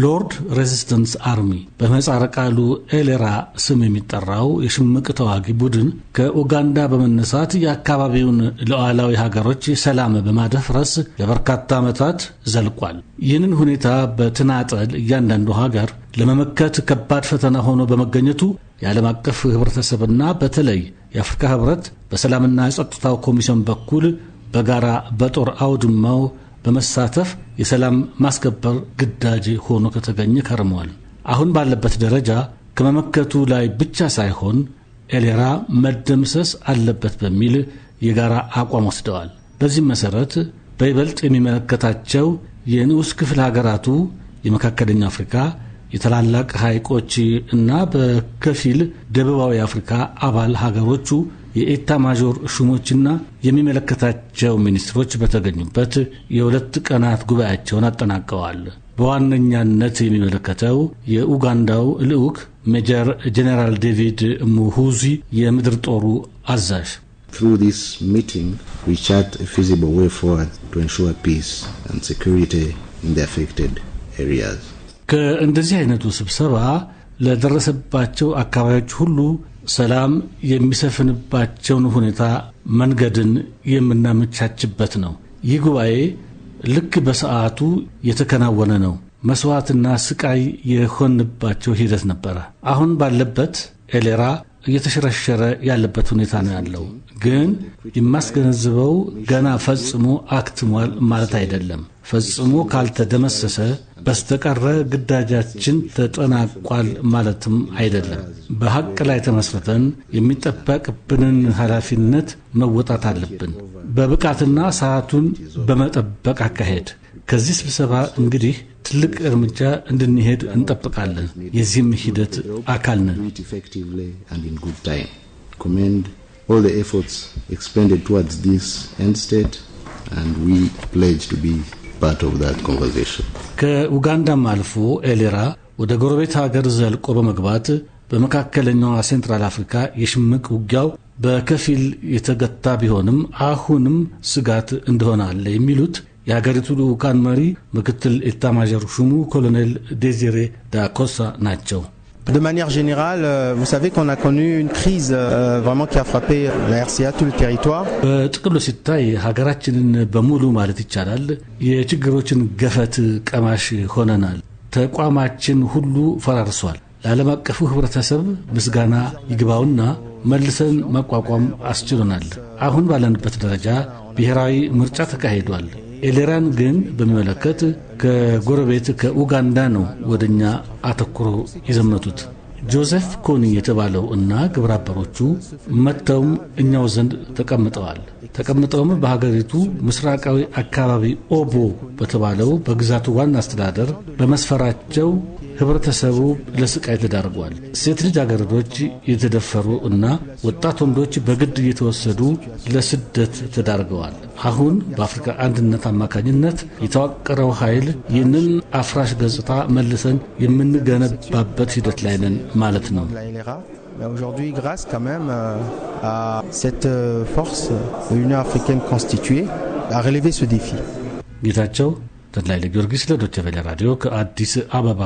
ሎርድ ሬዚስተንስ አርሚ በመጻረ ቃሉ ኤሌራ ስም የሚጠራው የሽምቅ ተዋጊ ቡድን ከኡጋንዳ በመነሳት የአካባቢውን ሉዓላዊ ሀገሮች ሰላም በማደፍረስ ለበርካታ ዓመታት ዘልቋል። ይህንን ሁኔታ በተናጠል እያንዳንዱ ሀገር ለመመከት ከባድ ፈተና ሆኖ በመገኘቱ የዓለም አቀፍ ህብረተሰብና በተለይ የአፍሪካ ህብረት በሰላምና የጸጥታው ኮሚሽን በኩል በጋራ በጦር አውድማው በመሳተፍ የሰላም ማስከበር ግዳጅ ሆኖ ከተገኘ ከርሟል። አሁን ባለበት ደረጃ ከመመከቱ ላይ ብቻ ሳይሆን ኤሌራ መደምሰስ አለበት በሚል የጋራ አቋም ወስደዋል። በዚህም መሠረት በይበልጥ የሚመለከታቸው የንዑስ ክፍል ሀገራቱ የመካከለኛው አፍሪካ የታላላቅ ሐይቆች እና በከፊል ደቡባዊ አፍሪካ አባል ሀገሮቹ የኤታ ማዦር ሹሞችና የሚመለከታቸው ሚኒስትሮች በተገኙበት የሁለት ቀናት ጉባኤያቸውን አጠናቀዋል። በዋነኛነት የሚመለከተው የኡጋንዳው ልዑክ ሜጀር ጄኔራል ዴቪድ ሙሁዚ የምድር ጦሩ አዛዥ ከእንደዚህ አይነቱ ስብሰባ ለደረሰባቸው አካባቢዎች ሁሉ ሰላም የሚሰፍንባቸውን ሁኔታ መንገድን የምናመቻችበት ነው። ይህ ጉባኤ ልክ በሰዓቱ የተከናወነ ነው። መስዋዕትና ስቃይ የሆንባቸው ሂደት ነበረ። አሁን ባለበት ኤሌራ እየተሸረሸረ ያለበት ሁኔታ ነው ያለው። ግን የማስገነዝበው ገና ፈጽሞ አክትሟል ማለት አይደለም። ፈጽሞ ካልተደመሰሰ በስተቀረ ግዳጃችን ተጠናቋል ማለትም አይደለም። በሀቅ ላይ ተመስርተን የሚጠበቅብንን ኃላፊነት መወጣት አለብን። በብቃትና ሰዓቱን በመጠበቅ አካሄድ ከዚህ ስብሰባ እንግዲህ ትልቅ እርምጃ እንድንሄድ እንጠብቃለን። የዚህም ሂደት አካል ነን። ከኡጋንዳም አልፎ ኤሌራ ወደ ጎረቤት ሀገር ዘልቆ በመግባት በመካከለኛዋ ሴንትራል አፍሪካ የሽምቅ ውጊያው በከፊል የተገታ ቢሆንም አሁንም ስጋት እንደሆነ አለ የሚሉት የሀገሪቱ ልዑካን መሪ ምክትል ኤታማዦር ሹሙ ኮሎኔል ዴዚሬ ዳኮሳ ናቸው። De manière générale, euh, vous savez qu'on a connu une crise euh, vraiment qui a frappé la RCA, tout le territoire. በጥቅሉ ሲታይ ሀገራችንን በሙሉ ማለት ይቻላል የችግሮችን ገፈት ቀማሽ ሆነናል። ተቋማችን ሁሉ ፈራርሷል። ለዓለም አቀፉ ህብረተሰብ ምስጋና ይግባውና መልሰን መቋቋም አስችሎናል። አሁን ባለንበት ደረጃ ብሔራዊ ምርጫ ተካሂዷል። ኤሌራን ግን በሚመለከት ከጎረቤት ከኡጋንዳ ነው ወደኛ አተኩሮ የዘመቱት። ጆሴፍ ኮኒ የተባለው እና ግብረአበሮቹ መጥተውም እኛው ዘንድ ተቀምጠዋል። ተቀምጠውም በሀገሪቱ ምስራቃዊ አካባቢ ኦቦ በተባለው በግዛቱ ዋና አስተዳደር በመስፈራቸው ህብረተሰቡ ለስቃይ ተዳርጓል። ሴት ልጃገረዶች የተደፈሩ እና ወጣት ወንዶች በግድ እየተወሰዱ ለስደት ተዳርገዋል። አሁን በአፍሪካ አንድነት አማካኝነት የተዋቀረው ኃይል ይህንን አፍራሽ ገጽታ መልሰን የምንገነባበት ሂደት ላይ ነን ማለት ነው። Mais aujourd'hui, grâce quand même euh, à cette force l'Union africaine constituée, a relevé ce défi. ጌታቸው ተድላይ ለጊዮርጊስ ለዶቸቬለ ራዲዮ ከአዲስ አበባ